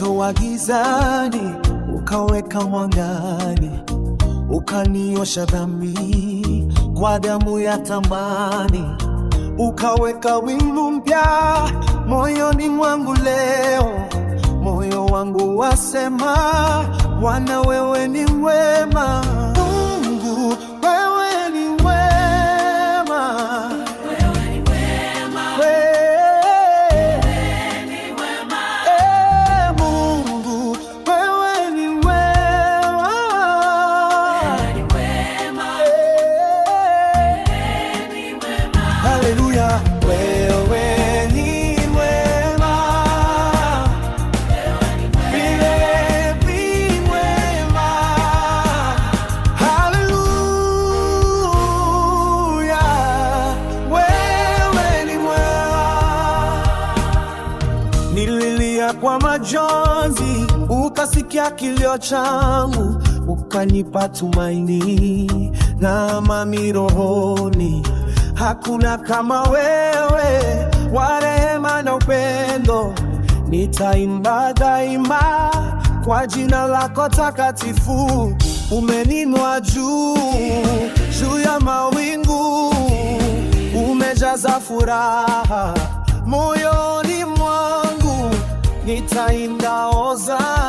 ulitoa gizani ukaweka mwangani, ukaniosha dhambi kwa damu ya thamani, ukaweka wingu mpya moyoni mwangu leo. Moyo wangu wasema, Bwana wewe ni mwema. Haleluya, Nililia kwa majonzi, ukasikia kilio changu, ukanipa tumaini na amani rohoni hakuna kama wewe, wa rehema na upendo, nitaimba daima kwa jina lako takatifu. Umeninua juu juu ya mawingu, umejaza furaha moyoni mwangu, nitaindaoza